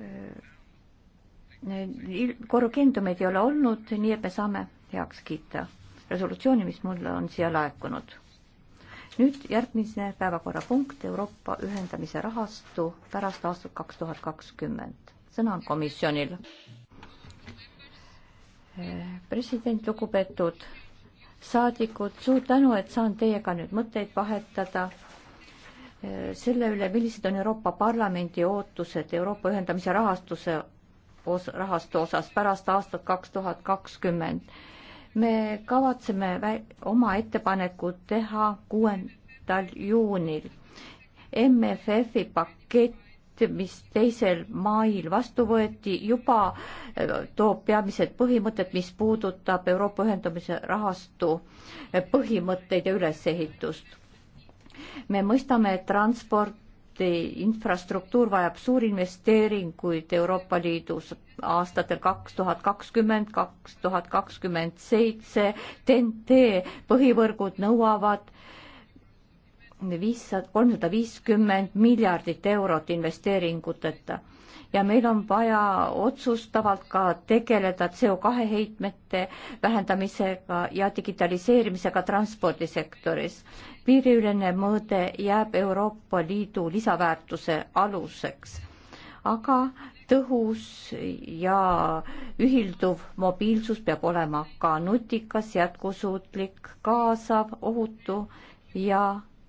Äh, korrigendumeid ei ole olnud, nii et me saame heaks kiita resolutsiooni, mis mulle on siia laekunud. nüüd järgmine päevakorrapunkt Euroopa ühendamise rahastu pärast aastat kaks tuhat kakskümmend. sõna on komisjonil. Äh, president, lugupeetud saadikud, suur tänu, et saan teiega nüüd mõtteid vahetada selle üle, millised on Euroopa Parlamendi ootused Euroopa ühendamise rahastuse os-, rahastu osas pärast aastat kaks tuhat kakskümmend. me kavatseme vä-, oma ettepanekud teha kuuendal juunil. MFF-i pakett, mis teisel mail vastu võeti, juba äh, toob peamised põhimõtted, mis puudutab Euroopa ühendamise rahastu äh, põhimõtteid ja ülesehitust me mõistame, et transporti infrastruktuur vajab suurinvesteeringuid Euroopa Liidus aastatel kaks tuhat kakskümmend, kaks tuhat kakskümmend seitse, TNT põhivõrgud nõuavad viissada, kolmsada viiskümmend miljardit eurot investeeringuteta ja meil on vaja otsustavalt ka tegeleda CO2 heitmete vähendamisega ja digitaliseerimisega transpordisektoris piiriülene mõõde jääb Euroopa Liidu lisaväärtuse aluseks, aga tõhus ja ühilduv mobiilsus peab olema ka nutikas, jätkusuutlik, kaasav, ohutu ja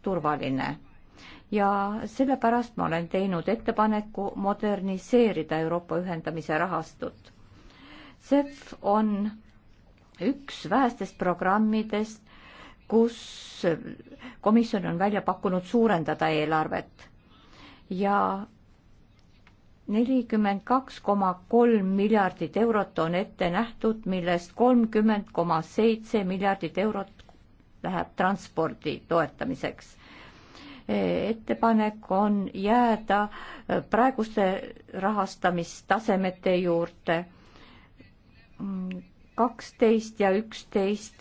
turvaline. ja sellepärast ma olen teinud ettepaneku moderniseerida Euroopa ühendamise rahastut. CEF on üks vähestest programmidest, kus komisjon on välja pakkunud suurendada eelarvet ja nelikümmend kaks koma kolm miljardit eurot on ette nähtud, millest kolmkümmend koma seitse miljardit eurot läheb transpordi toetamiseks. ettepanek on jääda praeguste rahastamistasemete juurde kaksteist ja üksteist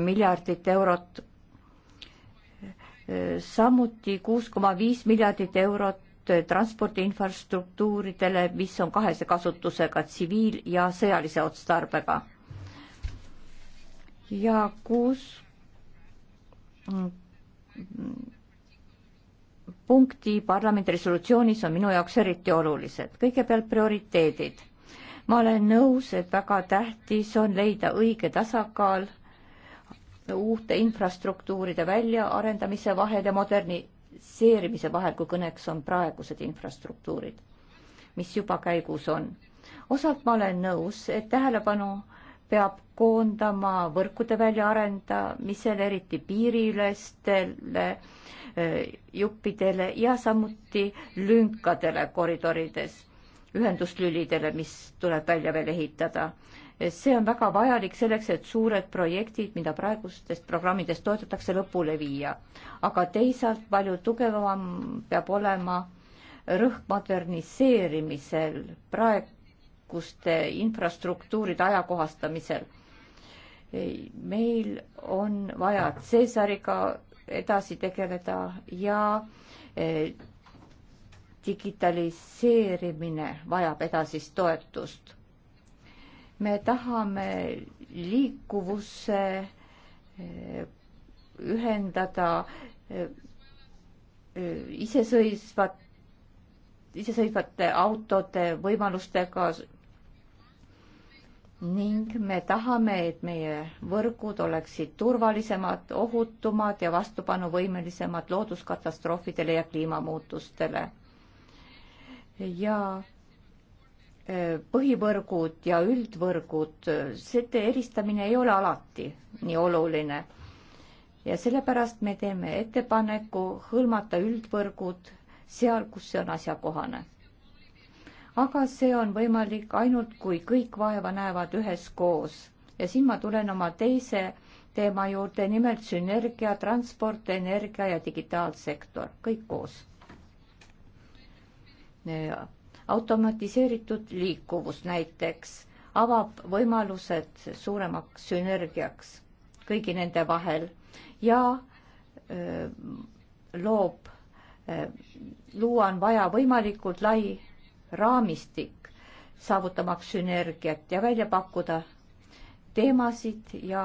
miljardit eurot. samuti kuus koma viis miljardit eurot transpordi infrastruktuuridele, mis on kahese kasutusega tsiviil ja sõjalise otstarbega. ja kuus punkti parlamendi resolutsioonis on minu jaoks eriti olulised. kõigepealt prioriteedid. ma olen nõus, et väga tähtis on leida õige tasakaal uute infrastruktuuride väljaarendamise vahel ja moderniseerimise vahel, kui kõneks on praegused infrastruktuurid, mis juba käigus on. osalt ma olen nõus, et tähelepanu peab koondama võrkude väljaarendamisele, eriti piiriülestele äh, juppidele ja samuti lünkadele koridorides, ühenduslülidele, mis tuleb välja veel ehitada see on väga vajalik selleks, et suured projektid, mida praegustest programmidest toetatakse, lõpule viia. aga teisalt palju tugevam peab olema rõhk moderniseerimisel, praeguste infrastruktuuride ajakohastamisel. meil on vaja Cäsariga edasi tegeleda ja eh, digitaliseerimine vajab edasist toetust me tahame liikuvusse eh, ühendada eh, eh, iseseisvat, iseseisvate autode võimalustega ning me tahame, et meie võrgud oleksid turvalisemad, ohutumad ja vastupanuvõimelisemad looduskatastroofidele ja kliimamuutustele. ja Eh, põhivõrgud ja üldvõrgud, eh, see eristamine ei ole alati nii oluline. ja sellepärast me teeme ettepaneku hõlmata üldvõrgud seal, kus see on asjakohane. aga see on võimalik ainult, kui kõik vaeva näevad üheskoos ja siin ma tulen oma teise teema juurde, nimelt sünergia, transport, energia ja digitaalsektor, kõik koos ja eh, automatiseeritud liikuvus näiteks avab võimalused suuremaks sünergiaks kõigi nende vahel ja öö, loob, luua on vaja võimalikult lai raamistik, saavutamaks sünergiat ja välja pakkuda teemasid ja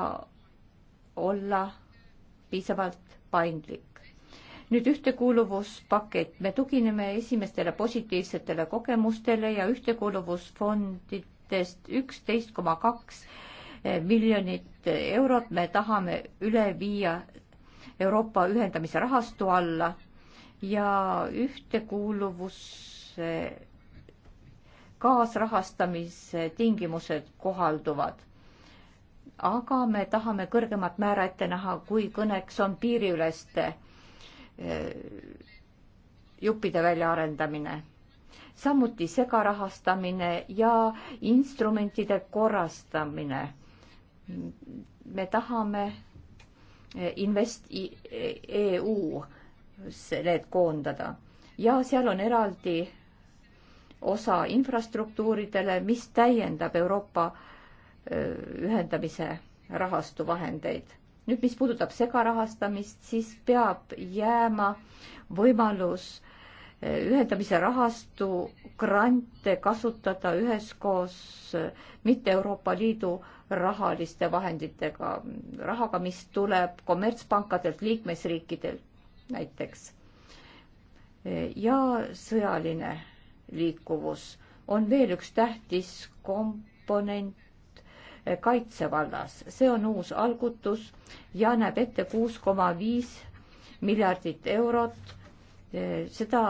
olla piisavalt paindlik nüüd ühtekuuluvuspakett, me tugineme esimestele positiivsetele kogemustele ja ühtekuuluvusfondidest üksteist koma kaks eh, miljonit eurot me tahame üle viia Euroopa ühendamise rahastu alla ja ühtekuuluvuse kaasrahastamise tingimused kohalduvad aga me tahame kõrgemat määra ette näha, kui kõneks on piiriüleste Eh, juppide väljaarendamine, samuti segarahastamine ja instrumentide korrastamine. me tahame eh, Invest EU eh, e need koondada ja seal on eraldi osa infrastruktuuridele, mis täiendab Euroopa ühendamise rahastu vahendeid nüüd, mis puudutab segarahastamist, siis peab jääma võimalus eh, ühendamise rahastu grante kasutada üheskoos eh, mitte Euroopa Liidu rahaliste vahenditega, rahaga, mis tuleb kommertspankadelt, liikmesriikidelt näiteks. Eh, ja sõjaline liikuvus on veel üks tähtis komponent kaitsevallas. see on uus algutus ja näeb ette kuus koma viis miljardit eurot. seda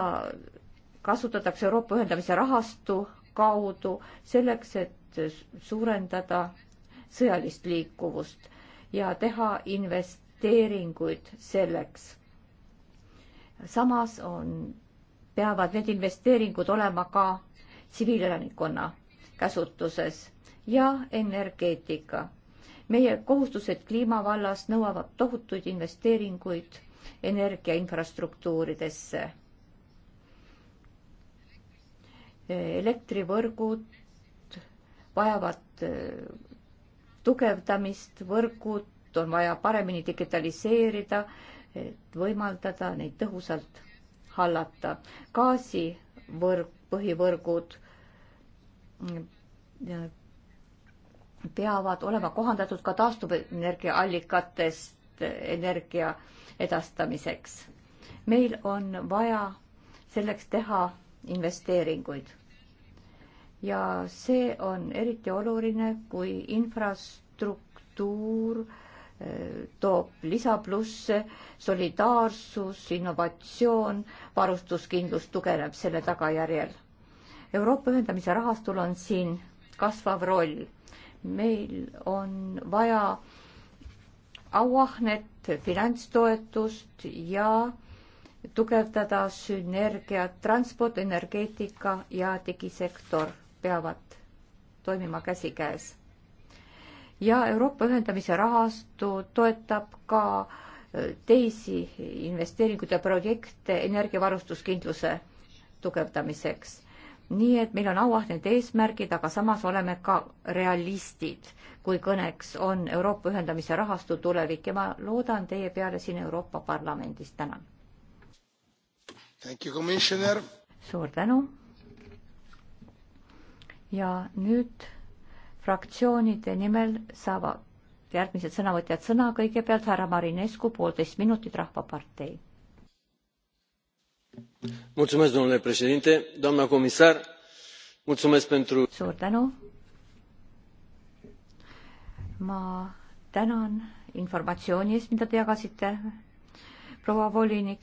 kasutatakse Euroopa ühendamise rahastu kaudu selleks, et suurendada sõjalist liikuvust ja teha investeeringuid selleks. samas on, peavad need investeeringud olema ka tsiviilelanikkonna käsutuses ja energeetika. meie kohustused kliima vallas nõuavad tohutuid investeeringuid energiainfrastruktuuridesse. elektrivõrgud vajavad äh, tugevdamist, võrgud on vaja paremini digitaliseerida, et võimaldada neid tõhusalt hallata. gaasivõrk, põhivõrgud peavad olema kohandatud ka taastuvenergiaallikatest energia edastamiseks. meil on vaja selleks teha investeeringuid. ja see on eriti oluline, kui infrastruktuur eh, toob lisaplusse, solidaarsus, innovatsioon, varustuskindlus tugevneb selle tagajärjel Euroopa ühendamise rahastul on siin kasvav roll. meil on vaja auahnet, finantstoetust ja tugevdada sünergiat, transport, energeetika ja digisektor peavad toimima käsikäes. ja Euroopa ühendamise rahastu toetab ka äh, teisi investeeringuid ja projekte energiavarustuskindluse tugevdamiseks nii et meil on auah need eesmärgid, aga samas oleme ka realistid, kui kõneks on Euroopa ühendamise rahastu tulevik ja ma loodan teie peale siin Euroopa Parlamendis, tänan. suur tänu. ja nüüd fraktsioonide nimel saavad järgmised sõnavõtjad sõna, kõigepealt härra Marinescu, poolteist minutit, Rahvapartei domnule președinte doamnă comisar mulțumesc pentru. suur tänu ma tänan informatsiooni eest mida te jagasite proua volinik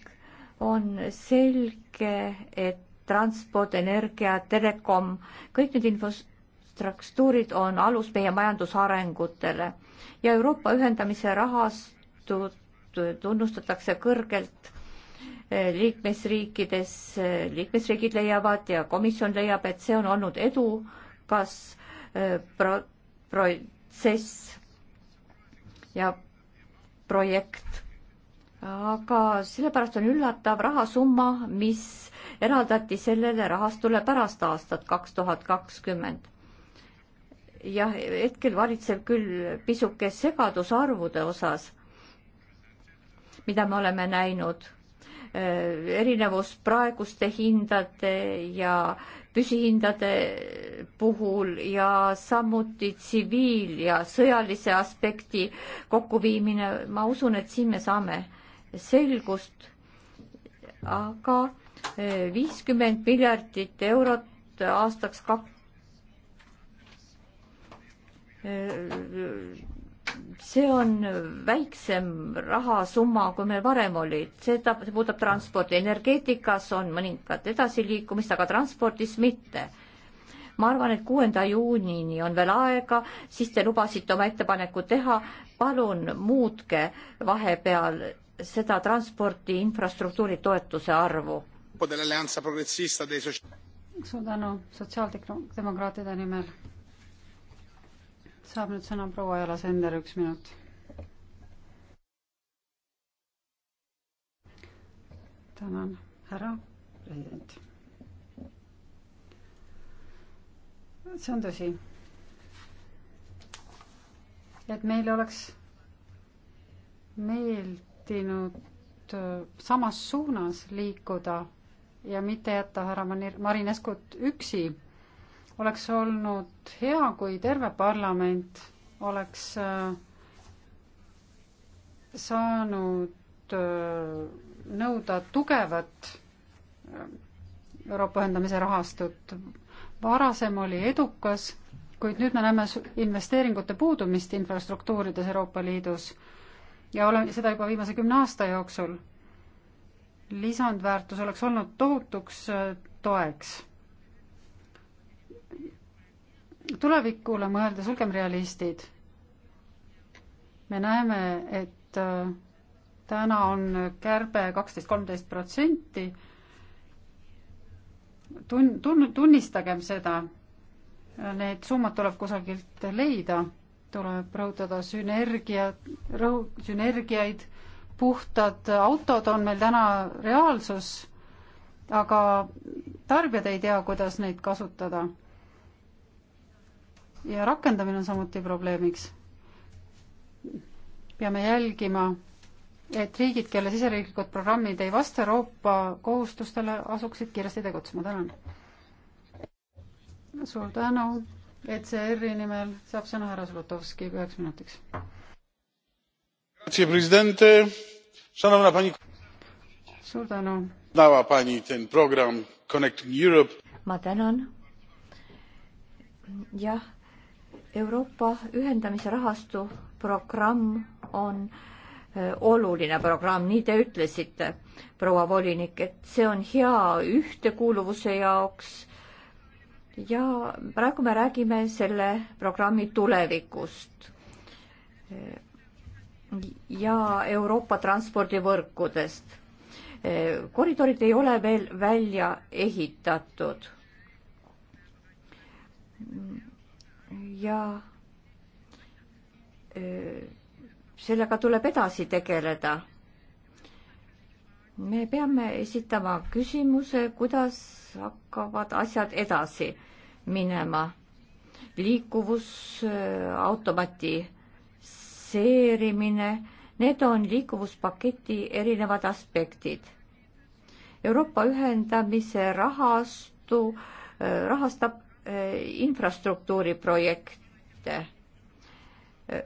on selge et transport energia telekom kõik need infrastruktuurid on alus meie majandusarengutele ja euroopa ühendamise rahastut tunnustatakse kõrgelt liikmesriikides, liikmesriigid leiavad ja komisjon leiab, et see on olnud edukas äh, pro-, protsess ja projekt. aga sellepärast on üllatav rahasumma, mis eraldati sellele rahastule pärast aastat kaks tuhat kakskümmend. jah, hetkel valitseb küll pisuke segadus arvude osas, mida me oleme näinud Äh, erinevus praeguste hindade ja püsihindade puhul ja samuti tsiviil- ja sõjalise aspekti kokkuviimine, ma usun, et siin me saame selgust, aga äh, viiskümmend miljardit eurot aastaks kak-, äh, see on väiksem rahasumma, kui meil varem oli, seda puudutab transporti, energeetikas on mõningat edasiliikumist, aga transpordis mitte. ma arvan, et kuuenda juunini on veel aega, siis te lubasite oma ettepaneku teha, palun muutke vahepeal seda transpordi infrastruktuuri toetuse arvu. suur tänu sotsiaaldemokraatide nimel saab nüüd sõna proua Jala Sender, üks minut. tänan, härra president. see on tõsi. et meil oleks meeldinud äh, samas suunas liikuda ja mitte jätta härra Marinescut üksi oleks olnud hea, kui terve parlament oleks äh, saanud äh, nõuda tugevat äh, Euroopa ühendamise rahastut. varasem oli edukas, kuid nüüd me näeme investeeringute puudumist infrastruktuurides Euroopa Liidus ja oleme seda juba viimase kümne aasta jooksul. lisandväärtus oleks olnud tohutuks toeks tulevikule mõeldes olgem realistid. me näeme, et äh, täna on kärbe kaksteist, kolmteist protsenti. Tun-, tun-, tunnistagem seda. Need summad tuleb kusagilt leida, tuleb rõhutada sünergiat, rõhu-, sünergiaid, puhtad autod on meil täna reaalsus, aga tarbijad ei tea, kuidas neid kasutada ja rakendamine on samuti probleemiks. peame jälgima, et riigid, kelle siseriiklikud programmid ei vasta Euroopa kohustustele, asuksid kiiresti tegutsema. tänan. suur tänu. ECR-i nimel saab sõna härra Zlotovski üheks minutiks. suur tänu. ma tänan jah, Euroopa ühendamise rahastu programm on äh, oluline programm, nii te ütlesite, proua volinik, et see on hea ühtekuuluvuse jaoks ja praegu me räägime selle programmi tulevikust äh, ja Euroopa transpordivõrkudest. Äh, koridorid ei ole veel välja ehitatud ja sellega tuleb edasi tegeleda. me peame esitama küsimuse, kuidas hakkavad asjad edasi minema. liikuvus, automatiseerimine, need on liikuvuspaketi erinevad aspektid. Euroopa ühendamise rahastu äh, rahastab Äh, infrastruktuuriprojekte, äh, äh,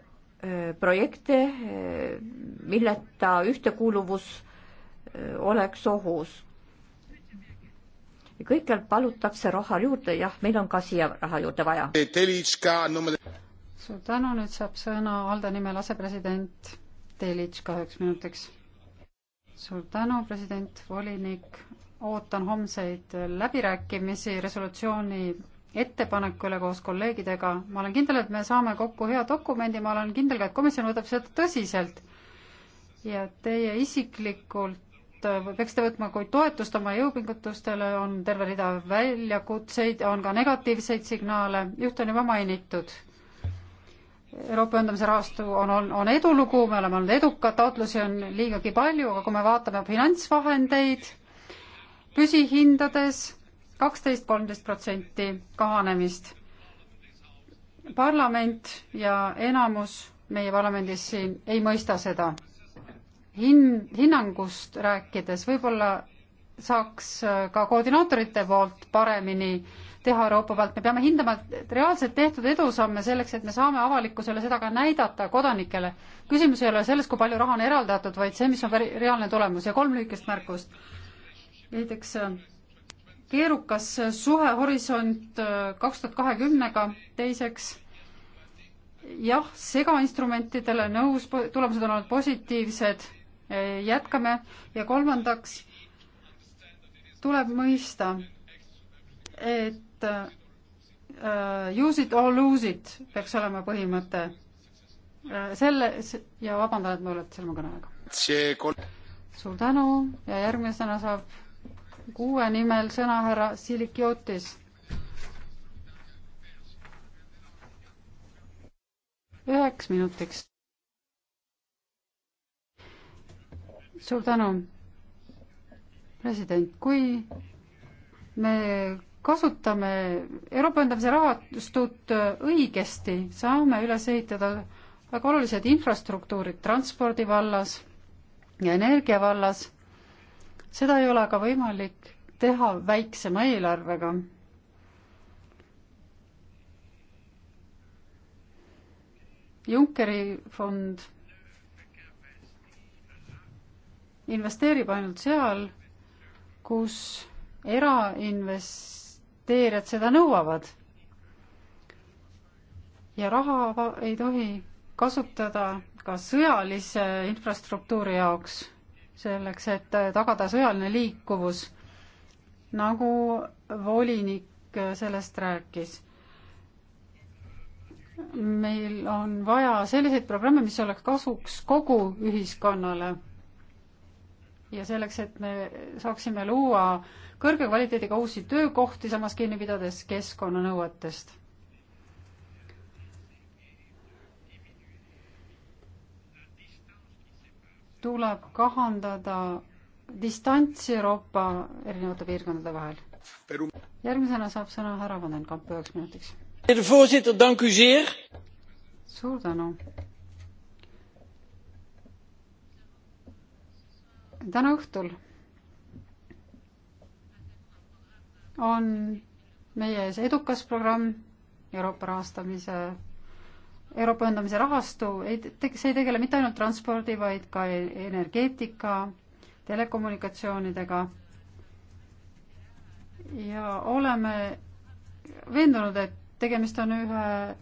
projekte, milleta ühtekuuluvus oleks ohus. kõikjal palutakse raha juurde, jah, meil on ka siia raha juurde vaja. suur tänu, nüüd saab sõna Alde nimel asepresident Telitška üheks minutiks. suur tänu, president, volinik, ootan homseid läbirääkimisi resolutsiooni ettepaneku üle koos kolleegidega. ma olen kindel, et me saame kokku hea dokumendi, ma olen kindel ka, et komisjon võtab seda tõsiselt. ja teie isiklikult äh, peaksite võtma kui toetust oma jõupingutustele, on terve rida väljakutseid, on ka negatiivseid signaale, üht on juba mainitud. Euroopa ühendamise rahastu on, on, on edulugu, me oleme olnud edukad, taotlusi on liigagi palju, aga kui me vaatame finantsvahendeid püsihindades kaksteist, kolmteist protsenti kahanemist. parlament ja enamus meie parlamendis siin ei mõista seda. Hin-, hinnangust rääkides võib-olla saaks äh, ka koordinaatorite poolt paremini teha Euroopa poolt, me peame hindama reaalselt tehtud edusamme selleks, et me saame avalikkusele seda ka näidata, kodanikele. küsimus ei ole selles, kui palju raha on eraldatud, vaid see, mis on reaalne tulemus ja kolm lühikest märkust. näiteks äh, keerukas suhe Horisont äh, kaks tuhat kahekümnega, teiseks jah, segainstrumentidele nõus, tulemused on olnud positiivsed, äh, jätkame ja kolmandaks tuleb mõista, et uh, use it or lose it peaks olema põhimõte. selle ja vabandan, et ma ületasin oma kõneaega. suur tänu ja järgmisena saab kuue nimel sõna härra Silikiotis. üheks minutiks. suur tänu, president, kui me kasutame Euroopa ühendamise rahastut õigesti, saame üles ehitada väga olulised infrastruktuurid transpordi vallas ja energia vallas seda ei ole aga võimalik teha väiksema eelarvega. Junckeri fond investeerib ainult seal, kus erainvesteerijad seda nõuavad. ja raha ei tohi kasutada ka sõjalise infrastruktuuri jaoks selleks, et tagada sõjaline liikuvus, nagu volinik sellest rääkis. meil on vaja selliseid programme, mis oleks kasuks kogu ühiskonnale ja selleks, et me saaksime luua kõrge kvaliteediga uusi töökohti, samas kinni pidades keskkonnanõuetest. tuleb kahandada distants Euroopa erinevate piirkondade vahel. järgmisena saab sõna härra Vandenkamp üheks minutiks. suur tänu. täna õhtul on meie ees edukas programm Euroopa rahastamise Euroopa ühendamise rahastu ei, see ei tegele mitte ainult transpordi, vaid ka energeetika, telekommunikatsioonidega. ja oleme veendunud, et tegemist on ühe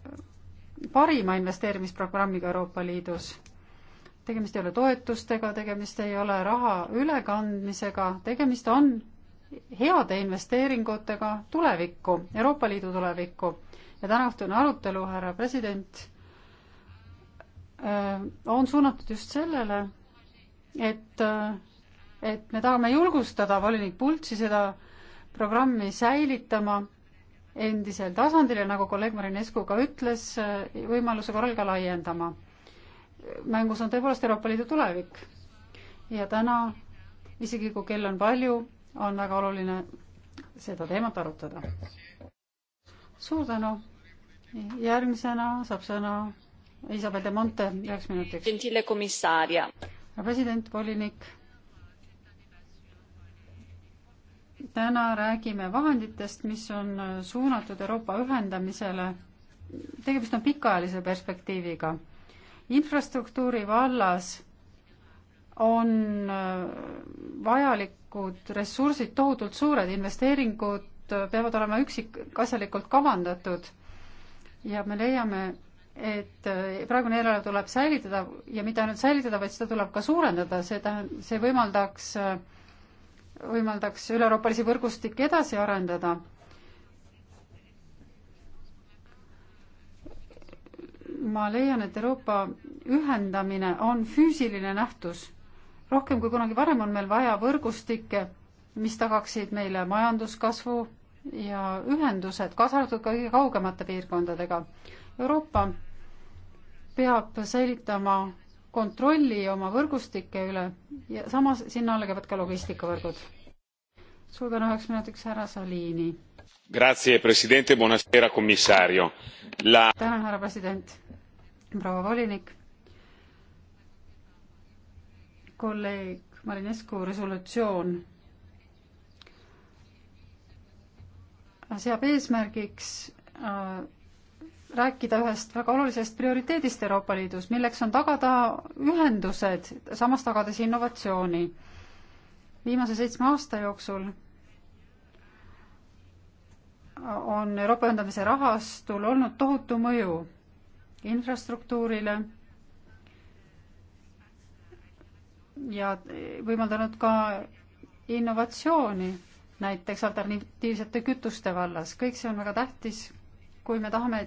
parima investeerimisprogrammiga Euroopa Liidus. tegemist ei ole toetustega, tegemist ei ole raha ülekandmisega, tegemist on heade investeeringutega tulevikku, Euroopa Liidu tulevikku. ja tänaõhtune arutelu, härra president Äh, on suunatud just sellele, et, äh, et me tahame julgustada volinik Pultsi seda programmi säilitama endisel tasandil ja nagu kolleeg Marinescu ka ütles, äh, võimaluse korral ka laiendama. mängus on tõepoolest Euroopa Liidu tulevik ja täna, isegi kui kell on palju, on väga oluline seda teemat arutada. suur tänu. järgmisena saab sõna Isabel de Monte üheks minutiks. president, volinik. täna räägime vahenditest, mis on suunatud Euroopa ühendamisele. tegemist on pikaajalise perspektiiviga. infrastruktuuri vallas on vajalikud ressursid tohutult suured, investeeringud peavad olema üksikasjalikult kavandatud ja me leiame, et äh, praegune eelarve tuleb säilitada ja mitte ainult säilitada, vaid seda tuleb ka suurendada, see tähendab, see võimaldaks, äh, võimaldaks üle-euroopalisi võrgustikke edasi arendada. ma leian, et Euroopa ühendamine on füüsiline nähtus. rohkem kui kunagi varem on meil vaja võrgustikke, mis tagaksid meile majanduskasvu ja ühendused, kaasa arvatud ka kõige kaugemate piirkondadega. Euroopa peab säilitama kontrolli oma võrgustike üle ja samas sinna alla käivad ka logistikavõrgud. suur tänu üheks minutiks, härra Salini. La... tänan, härra president, proua volinik. kolleeg Marinescu resolutsioon seab eesmärgiks äh, rääkida ühest väga olulisest prioriteedist Euroopa Liidus, milleks on tagada ühendused, samas tagades innovatsiooni. viimase seitsme aasta jooksul on Euroopa ühendamise rahastul olnud tohutu mõju infrastruktuurile ja võimaldanud ka innovatsiooni näiteks alternatiivsete kütuste vallas. kõik see on väga tähtis, kui me tahame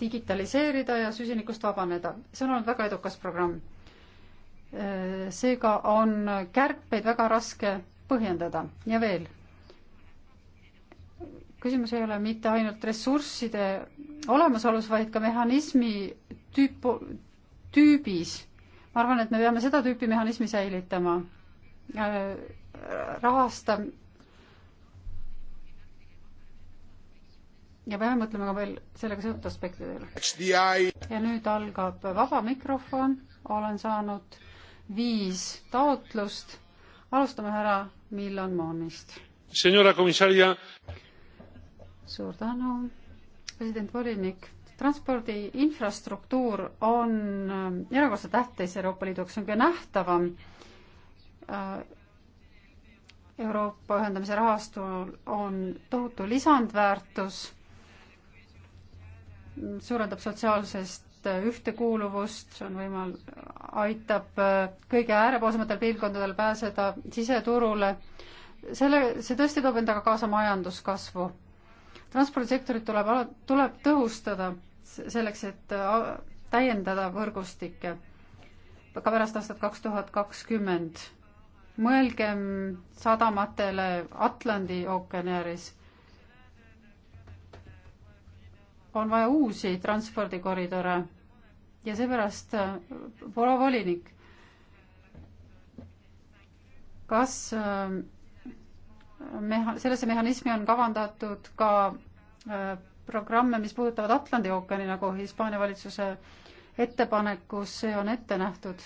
digitaliseerida ja süsinikust vabaneda. see on olnud väga edukas programm. Äh, seega on kärpeid väga raske põhjendada ja veel. küsimus ei ole mitte ainult ressursside olemasolus, vaid ka mehhanismi tüüpu, tüübis. ma arvan, et me peame seda tüüpi mehhanismi säilitama äh, rahasta-, ja peame mõtlema ka veel sellega seotud aspektidele. ja nüüd algab vaba mikrofon, olen saanud viis taotlust. alustame härra Milan Moonist. suur tänu, president volinik. transpordi infrastruktuur on ähm, erakordselt tähtis Euroopa Liidu jaoks, see on kõige nähtavam äh, Euroopa ühendamise rahastul on tohutu lisandväärtus suurendab sotsiaalsest äh, ühtekuuluvust, see on võimal-, aitab äh, kõige äärepoolsematel piirkondadel pääseda siseturule, selle, see tõesti toob endaga kaasa majanduskasvu. transpordisektorit tuleb ala, tuleb tõhustada selleks, et äh, täiendada võrgustikke ka pärast aastat kaks tuhat kakskümmend mõelgem sadamatele Atlandi ookeani ääres. on vaja uusi transpordikoridore ja seepärast äh, pole volinik. kas äh, meha-, sellesse mehhanismi on kavandatud ka äh, programme, mis puudutavad Atlandi ookeani, nagu Hispaania valitsuse ettepanekus see on ette nähtud?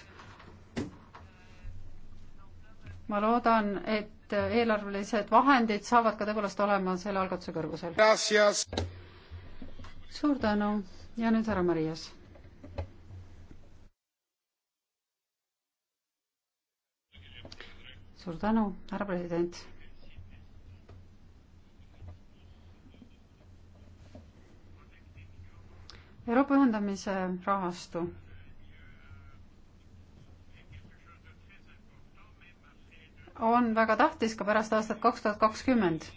ma loodan, et eelarvelised vahendid saavad ka tõepoolest olema selle algatuse kõrgusel suur tänu ja nüüd härra Marias. suur tänu, härra president. Euroopa ühendamise rahastu on väga tähtis ka pärast aastat kaks tuhat kakskümmend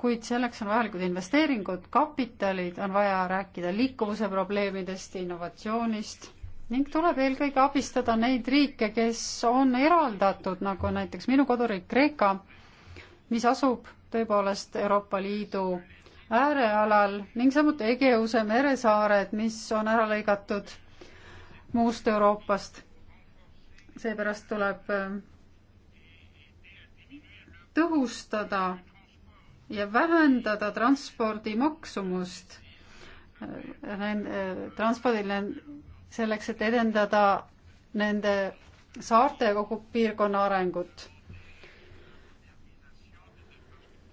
kuid selleks on vajalikud investeeringud, kapitalid, on vaja rääkida liikuvuse probleemidest, innovatsioonist ning tuleb eelkõige abistada neid riike, kes on eraldatud, nagu näiteks minu koduriik Kreeka, mis asub tõepoolest Euroopa Liidu äärealal ning samuti Egeuse meresaared, mis on ära lõigatud muust Euroopast. seepärast tuleb äh, tõhustada ja vähendada transpordi maksumust. transpordil selleks, et edendada nende saarte ja kogu piirkonna arengut.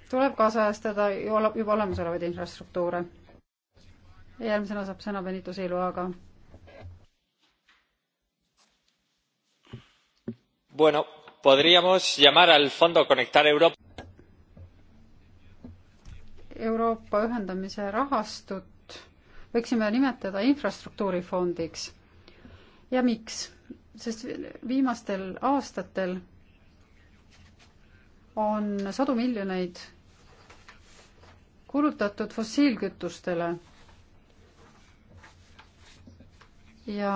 tuleb kaasajastada juba olemasolevaid infrastruktuure. järgmisena saab sõna Benito Siluaga bueno podríamos llamar al fondo conectar europa. Euroopa ühendamise rahastut võiksime nimetada infrastruktuurifondiks. ja miks? sest viimastel aastatel on sadu miljoneid kulutatud fossiilkütustele ja,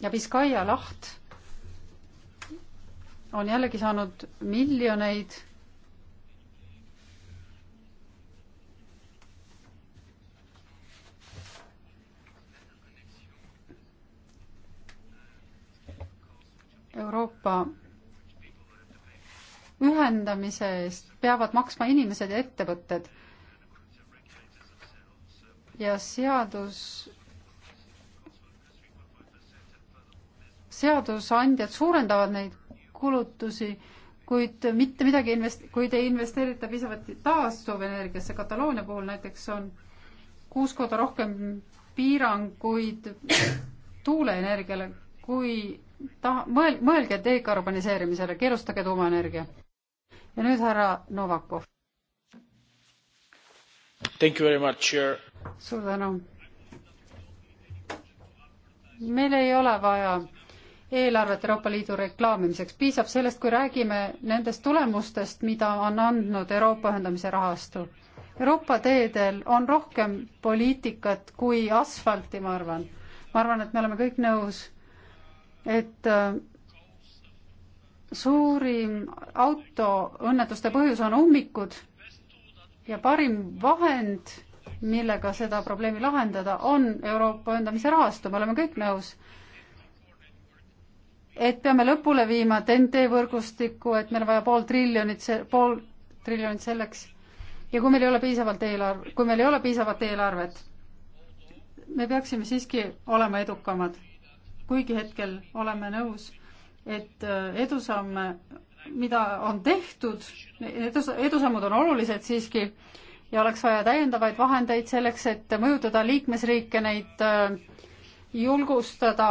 ja Biskaia laht on jällegi saanud miljoneid Euroopa ühendamise eest peavad maksma inimesed ja ettevõtted. ja seadus, seadusandjad suurendavad neid kulutusi, kuid mitte midagi invest-, kuid ei investeerita piisavalt taastuvenergiasse. Kataloonia puhul näiteks on kuus korda rohkem piiranguid tuuleenergiale kui ta-, mõel-, mõelge dekarboniseerimisele, keelustage tuumaenergia. ja nüüd härra Novakov. suur tänu. meil ei ole vaja eelarvet Euroopa Liidu reklaamimiseks, piisab sellest, kui räägime nendest tulemustest, mida on andnud Euroopa ühendamise rahastu. Euroopa teedel on rohkem poliitikat kui asfalti, ma arvan. ma arvan, et me oleme kõik nõus et äh, suurim autoõnnetuste põhjus on ummikud ja parim vahend, millega seda probleemi lahendada, on Euroopa ühendamise rahastu, me oleme kõik nõus, et peame lõpule viima TNT võrgustiku, et meil on vaja pool triljonit, pool triljonit selleks ja kui meil ei ole piisavalt eelarv-, kui meil ei ole piisavat eelarvet, me peaksime siiski olema edukamad kuigi hetkel oleme nõus, et äh, edusamme, mida on tehtud, edus, edusammud on olulised siiski ja oleks vaja täiendavaid vahendeid selleks, et mõjutada liikmesriike, neid äh, julgustada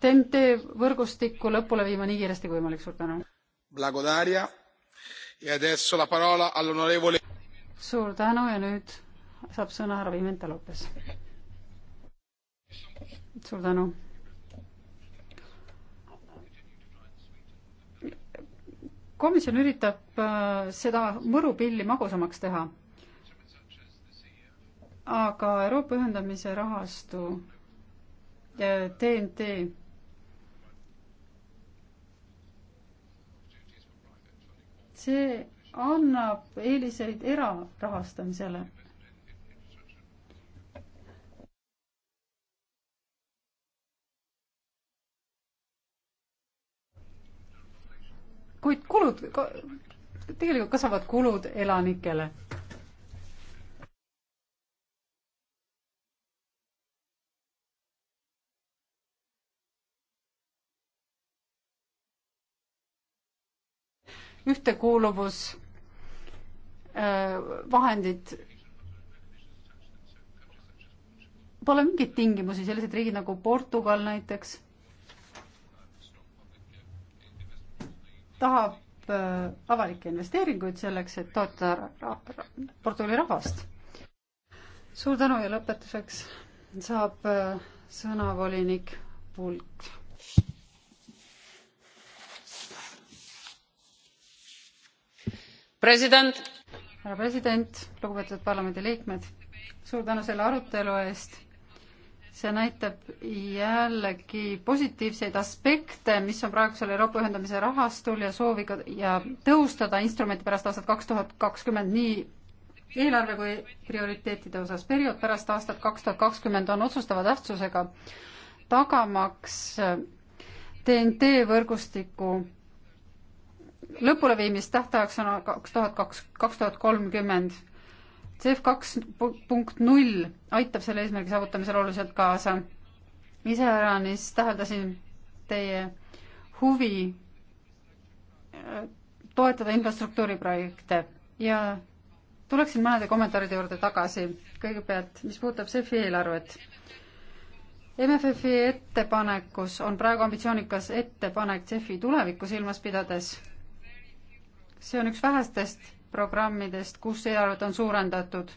TNT võrgustikku lõpule viima nii kiiresti kui võimalik, suur tänu. suur tänu ja nüüd saab sõna härra Pimenta Lopes suur tänu. komisjon üritab äh, seda mõrupilli magusamaks teha. aga Euroopa ühendamise rahastu TNT äh, see annab eeliseid erarahastamisele kuid kulud, tegelikult kasvavad kulud elanikele ühtekuuluvus, äh, vahendid. Pole mingeid tingimusi, sellised riigid nagu Portugal näiteks tahab äh, avalikke investeeringuid selleks, et toetada Portugali rahvast. suur tänu ja lõpetuseks saab äh, sõna volinik Pulk. president. härra president, lugupeetud parlamendiliikmed, suur tänu selle arutelu eest see näitab jällegi positiivseid aspekte, mis on praegusel Euroopa ühendamise rahastul ja sooviga ja tõhustada instrumenti pärast aastat kaks tuhat kakskümmend nii eelarve kui prioriteetide osas. periood pärast aastat kaks tuhat kakskümmend on otsustava tähtsusega, tagamaks TNT võrgustiku lõpuleviimist tähtajaks on kaks tuhat kaks, kaks tuhat kolmkümmend CEF kaks punkt null aitab selle eesmärgi saavutamisel oluliselt kaasa. iseäranis täheldasin teie huvi äh, toetada infrastruktuuriprojekte ja tuleksin mõnede kommentaaride juurde tagasi. kõigepealt, mis puudutab CEF-i eelarvet MFF-i ettepanekus on praegu ambitsioonikas ettepanek CEF-i tulevikku silmas pidades. see on üks vähestest programmidest, kus eelarvet on suurendatud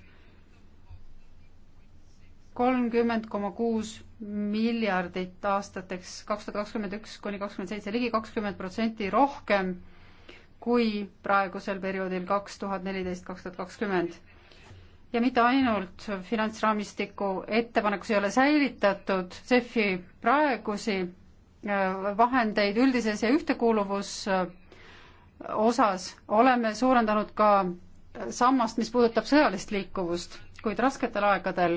kolmkümmend koma kuus miljardit aastateks kaks tuhat kakskümmend üks kuni kakskümmend seitse, ligi kakskümmend protsenti rohkem kui praegusel perioodil kaks tuhat neliteist, kaks tuhat kakskümmend. ja mitte ainult finantsraamistiku ettepanekus ei ole säilitatud CEF-i praegusi äh, vahendeid üldises ja ühtekuuluvus äh, osas oleme suurendanud ka sammast, mis puudutab sõjalist liikuvust, kuid rasketel aegadel,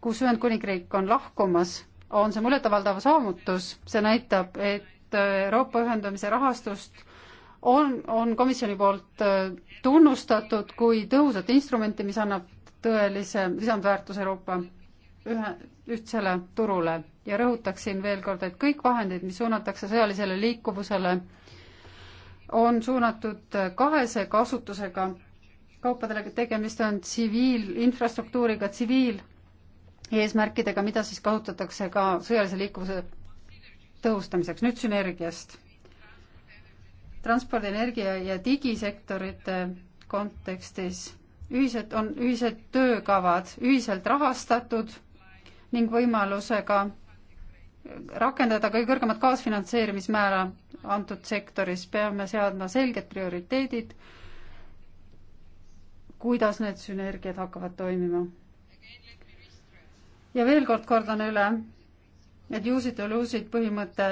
kus Ühendkuningriik on lahkumas, on see muljetavaldav saavutus, see näitab, et Euroopa ühendamise rahastust on, on komisjoni poolt äh, tunnustatud kui tõhusat instrumenti, mis annab tõelise lisandväärtuse Euroopa ühe, ühtsele turule ja rõhutaksin veel kord, et kõik vahendid, mis suunatakse sõjalisele liikuvusele, on suunatud kahese kasutusega kaupadele, tegemist on tsiviilinfrastruktuuriga, tsiviileesmärkidega, mida siis kasutatakse ka sõjalise liikuvuse tõhustamiseks. nüüd sünergiast. transpordi, energia ja digisektorite kontekstis ühised, on ühised töökavad, ühiselt rahastatud ning võimalusega rakendada kõige kõrgemat kaasfinantseerimismäära antud sektoris, peame seadma selged prioriteedid, kuidas need sünergiad hakkavad toimima. ja veel kord kordan üle, et use it or lose it põhimõte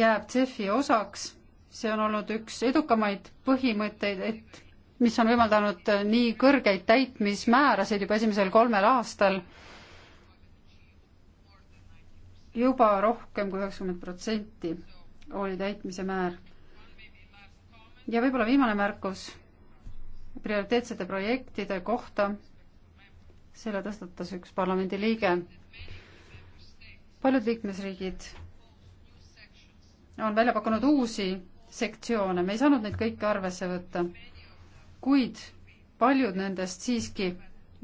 jääb CEF-i osaks, see on olnud üks edukamaid põhimõtteid, et mis on võimaldanud nii kõrgeid täitmismäärasid juba esimesel kolmel aastal juba rohkem kui üheksakümmend protsenti oli täitmise määr. ja võib-olla viimane märkus prioriteetsete projektide kohta, selle tõstatas üks parlamendiliige. paljud liikmesriigid on välja pakkunud uusi sektsioone, me ei saanud neid kõiki arvesse võtta, kuid paljud nendest siiski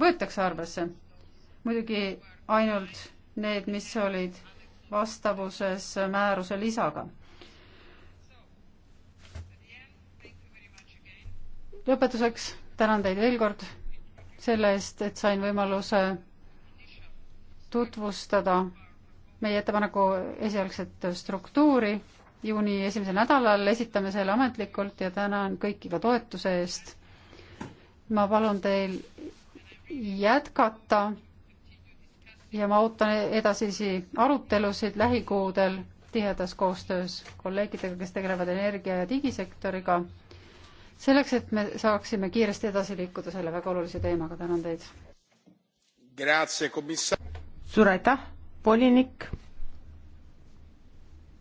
võetakse arvesse. muidugi ainult need, mis olid vastavuses määruse lisaga. lõpetuseks tänan teid veel kord selle eest, et sain võimaluse tutvustada meie ettepaneku esialgset struktuuri. juuni esimesel nädalal esitame selle ametlikult ja tänan kõiki ka toetuse eest. ma palun teil jätkata ja ma ootan edasisi arutelusid lähikuudel tihedas koostöös kolleegidega, kes tegelevad energia- ja digisektoriga, selleks, et me saaksime kiiresti edasi liikuda selle väga olulise teemaga, tänan teid. suur aitäh, volinik